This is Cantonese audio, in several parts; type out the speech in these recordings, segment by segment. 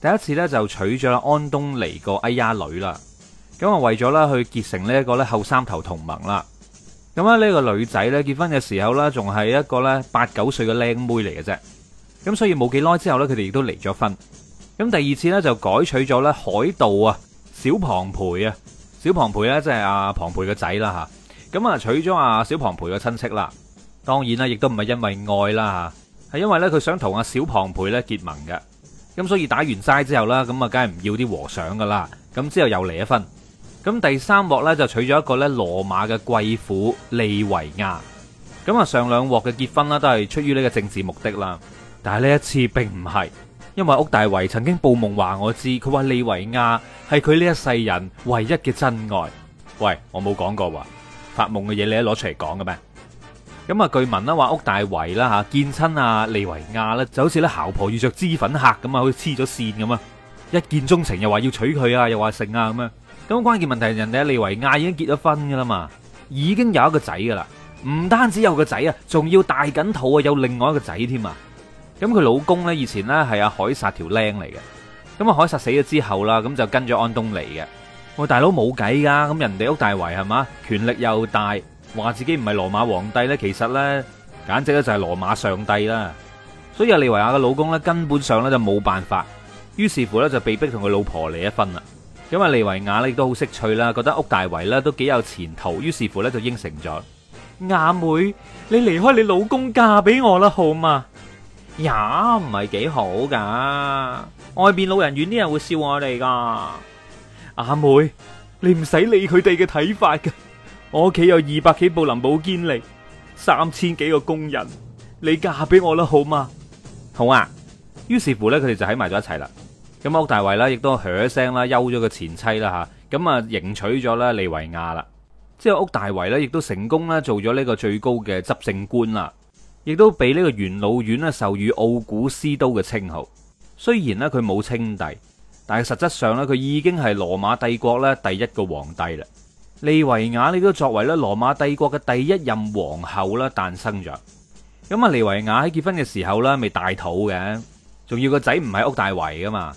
第一次咧就娶咗安東尼個丫女啦，咁啊為咗啦去結成呢一個咧後三頭同盟啦，咁啊呢個女仔呢結婚嘅時候呢仲係一個咧八九歲嘅靚妹嚟嘅啫，咁所以冇幾耐之後呢佢哋亦都離咗婚，咁第二次呢就改娶咗咧海盜啊小龐培啊，小龐培呢即係阿龐培個仔啦吓，咁啊娶咗阿小龐培個親戚啦，當然啦亦都唔係因為愛啦吓，係因為呢佢想同阿小龐培咧結盟嘅。咁所以打完齋之後啦，咁啊，梗係唔要啲和尚噶啦。咁之後又嚟一分。咁第三鑊呢，就娶咗一個呢羅馬嘅貴婦利維亞。咁啊，上兩鑊嘅結婚啦，都係出於呢個政治目的啦。但係呢一次並唔係，因為屋大維曾經報夢話我知，佢話利維亞係佢呢一世人唯一嘅真愛。喂，我冇講過話發夢嘅嘢，你都攞出嚟講嘅咩？咁啊，據聞啦，話屋大維啦吓，見親阿利維亞咧，就好似咧姣婆遇着脂粉客咁啊，好似黐咗線咁啊，一見鍾情又話要娶佢啊，又話食啊咁樣。咁關鍵問題，人哋阿利維亞已經結咗婚噶啦嘛，已經有一個仔噶啦，唔單止有個仔啊，仲要大緊肚啊，有另外一個仔添啊。咁佢老公咧，以前咧係阿凱撒條靚嚟嘅。咁啊，凱撒死咗之後啦，咁就跟咗安東尼嘅。喂，大佬冇計噶，咁人哋屋大維係嘛，權力又大。話自己唔係羅馬皇帝呢，其實呢，簡直咧就係羅馬上帝啦。所以阿利維亞嘅老公呢，根本上呢就冇辦法，於是乎呢就被逼同佢老婆離一分啦。咁阿利維亞呢亦都好識趣啦，覺得屋大維呢都幾有前途，於是乎呢就應承咗。阿、啊、妹，你離開你老公嫁俾我啦，好嘛？也唔係幾好噶，外邊老人院啲人會笑我哋噶。阿、啊、妹，你唔使理佢哋嘅睇法噶。我屋企有二百幾部林寶堅尼，三千幾個工人，你嫁俾我啦，好嘛？好啊。於是乎咧，佢哋就喺埋咗一齊啦。咁屋大維呢，亦都嘘聲啦，休咗個前妻啦吓，咁啊迎娶咗咧利維亞啦。之後屋大維咧，亦都成功啦做咗呢個最高嘅執政官啦，亦都俾呢個元老院呢授予奧古斯都嘅稱號。雖然呢，佢冇稱帝，但係實質上呢，佢已經係羅馬帝國咧第一個皇帝啦。利維亞呢都作為咧羅馬帝國嘅第一任皇后啦誕生咗，咁啊利維亞喺結婚嘅時候咧咪大肚嘅，仲要個仔唔係屋大維噶嘛，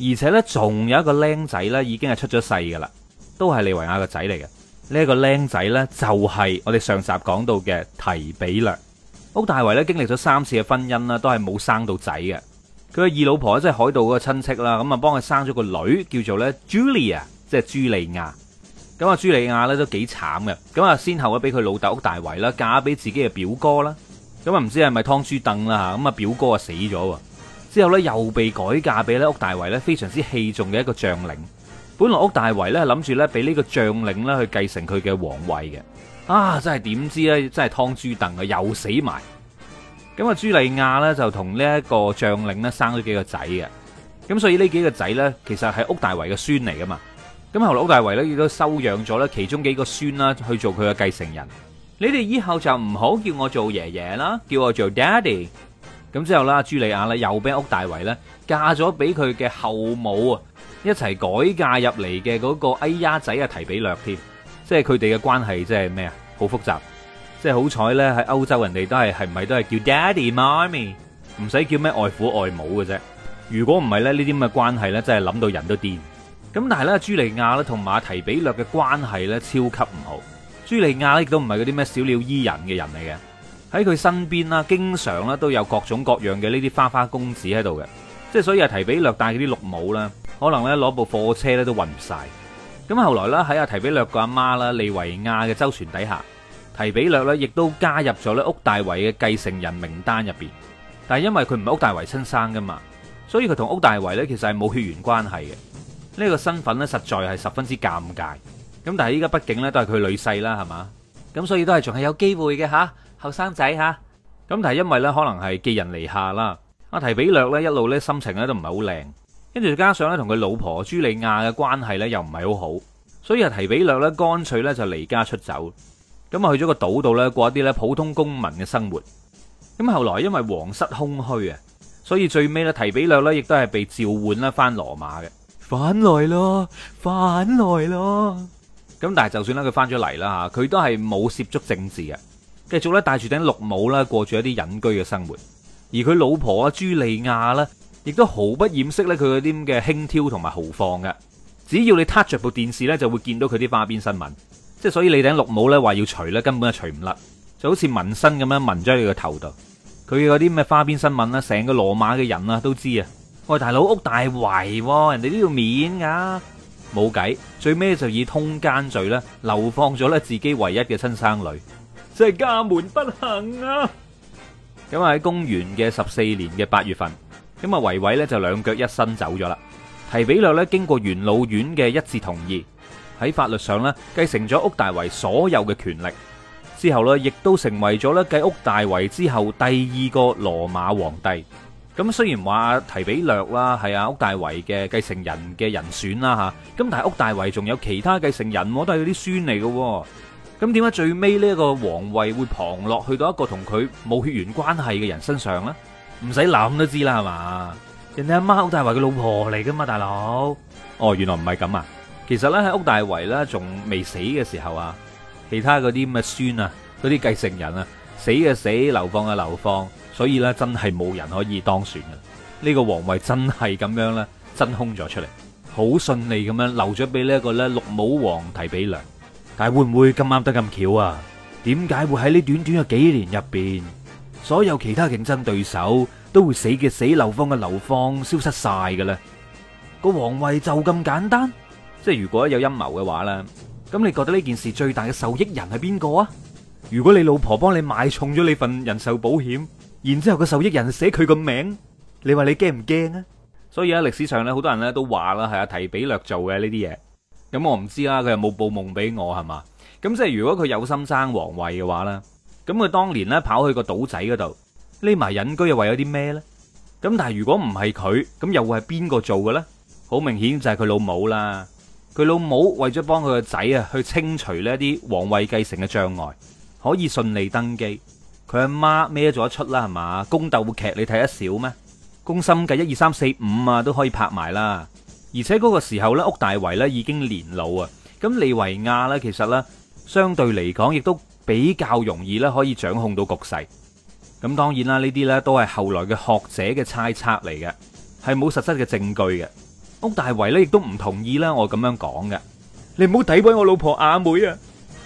而且咧仲有一個僆仔咧已經係出咗世噶啦，都係利維亞個仔嚟嘅。呢個僆仔咧就係我哋上集講到嘅提比略。屋大維咧經歷咗三次嘅婚姻啦，都係冇生到仔嘅。佢嘅二老婆即係海盜嗰個親戚啦，咁啊幫佢生咗個女叫做咧 Julia，即係朱莉亞。咁啊，茱莉亞咧都幾慘嘅，咁啊先後咧俾佢老豆屋大維啦嫁俾自己嘅表哥啦，咁啊唔知係咪湯豬凳啦吓，咁啊表哥啊死咗，之後咧又被改嫁俾咧屋大維咧非常之器重嘅一個將領，本來屋大維咧諗住咧俾呢個將領咧去繼承佢嘅皇位嘅，啊真係點知咧真係湯豬凳啊又死埋，咁啊茱莉亞咧就同呢一個將領咧生咗幾個仔嘅，咁所以呢幾個仔咧其實係屋大維嘅孫嚟噶嘛。咁後來屋大維咧亦都收養咗咧其中幾個孫啦去做佢嘅繼承人，你哋以後就唔好叫我做爺爺啦，叫我做 Daddy。咁之後啦，茱莉亞咧又俾屋大維咧嫁咗俾佢嘅後母啊，一齊改嫁入嚟嘅嗰個哎呀仔啊提比略添，即係佢哋嘅關係即係咩啊？好複雜，即係好彩咧喺歐洲人哋都係係唔係都係叫 Daddy、Mummy，唔使叫咩外父外母嘅啫。如果唔係咧呢啲咁嘅關係咧，真係諗到人都癲。咁但係咧，茱莉亞咧同馬提比略嘅關係咧超級唔好。茱莉亞咧亦都唔係嗰啲咩小鳥依人嘅人嚟嘅，喺佢身邊啦，經常咧都有各種各樣嘅呢啲花花公子喺度嘅，即係所以阿提比略帶佢啲綠帽啦，可能咧攞部貨車咧都運唔晒。咁後來啦，喺阿提比略個阿媽啦利維亞嘅周旋底下，提比略咧亦都加入咗咧屋大維嘅繼承人名單入邊，但係因為佢唔係屋大維親生噶嘛，所以佢同屋大維咧其實係冇血緣關係嘅。呢個身份咧，實在係十分之尷尬。咁但係依家畢竟咧都係佢女婿啦，係嘛？咁所以都係仲係有機會嘅吓，後生仔吓，咁但係因為咧可能係寄人籬下啦，阿提比略咧一路咧心情咧都唔係好靚，跟住加上咧同佢老婆朱莉亞嘅關係咧又唔係好好，所以阿提比略咧乾脆咧就離家出走，咁啊去咗個島度咧過一啲咧普通公民嘅生活。咁後來因為皇室空虛啊，所以最尾咧提比略咧亦都係被召喚咧返羅馬嘅。返來咯，返來咯。咁但係就算佢翻咗嚟啦吓，佢都係冇涉足政治嘅，繼續咧帶住頂綠帽啦，過住一啲隱居嘅生活。而佢老婆啊朱莉亞啦，亦都毫不掩飾咧佢嗰啲咁嘅輕佻同埋豪放嘅。只要你 touch 住部電視咧，就會見到佢啲花邊新聞。即係所以，你頂綠帽咧話要除咧，根本就除唔甩，就好似紋身咁樣紋咗喺佢個頭度。佢嗰啲咩花邊新聞呢，成個羅馬嘅人啊都知啊。喂，大佬屋大維，人哋都要面噶，冇計，最尾就以通奸罪流放咗自己唯一嘅親生女，即係家門不幸啊！咁啊喺公元嘅十四年嘅八月份，咁啊維維呢就兩腳一伸走咗啦，提比略呢經過元老院嘅一致同意，喺法律上呢繼承咗屋大維所有嘅權力之後呢亦都成為咗呢繼屋大維之後第二個羅馬皇帝。咁雖然話提比略啦，係啊屋大維嘅繼承人嘅人選啦吓，咁但係屋大維仲有其他繼承人，都係佢啲孫嚟嘅。咁點解最尾呢一個皇位會旁落去到一個同佢冇血緣關係嘅人身上咧？唔使諗都知啦，係嘛？人哋阿媽屋大維嘅老婆嚟噶嘛，大佬。哦，原來唔係咁啊。其實咧喺屋大維咧仲未死嘅時候啊，其他嗰啲咁嘅孫啊，嗰啲繼承人啊，死嘅死，流放嘅流放。所以咧，真係冇人可以當選嘅。呢個皇位真係咁樣咧，真空咗出嚟，好順利咁樣留咗俾呢一個咧綠帽王提比略。但係會唔會咁啱得咁巧啊？點解會喺呢短短嘅幾年入邊，所有其他競爭對手都會死嘅死、流放嘅流放，消失晒嘅咧？個皇位就咁簡單，即係如果有陰謀嘅話咧，咁你覺得呢件事最大嘅受益人係邊個啊？如果你老婆幫你買重咗你份人壽保險，然之後個受益人寫佢個名，你話你驚唔驚啊？所以喺歷史上咧，好多人咧都話啦，係啊提比略做嘅呢啲嘢。咁我唔知啦，佢有冇報夢俾我係嘛？咁即係如果佢有心爭皇位嘅話咧，咁佢當年咧跑去個島仔嗰度匿埋隱居，又為咗啲咩呢？咁但係如果唔係佢，咁又會係邊個做嘅咧？好明顯就係佢老母啦。佢老母為咗幫佢個仔啊去清除呢啲皇位繼承嘅障礙，可以順利登基。佢阿媽咩都做得出啦？係嘛，宮鬥劇你睇得少咩？宮心計一二三四五啊，都可以拍埋啦。而且嗰個時候呢，屋大維呢已經年老啊，咁利維亞呢，其實呢，相對嚟講，亦都比較容易呢可以掌控到局勢。咁當然啦，呢啲呢都係後來嘅學者嘅猜測嚟嘅，係冇實質嘅證據嘅。屋大維呢，亦都唔同意啦，我咁樣講嘅。你唔好詆毀我老婆阿妹啊，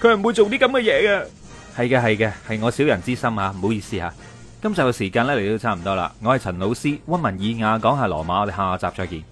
佢係唔會做啲咁嘅嘢嘅。係嘅，係嘅，係我小人之心啊！唔好意思吓，今集嘅時間呢，嚟到差唔多啦。我係陳老師，温文爾雅講下羅馬，我哋下集再見。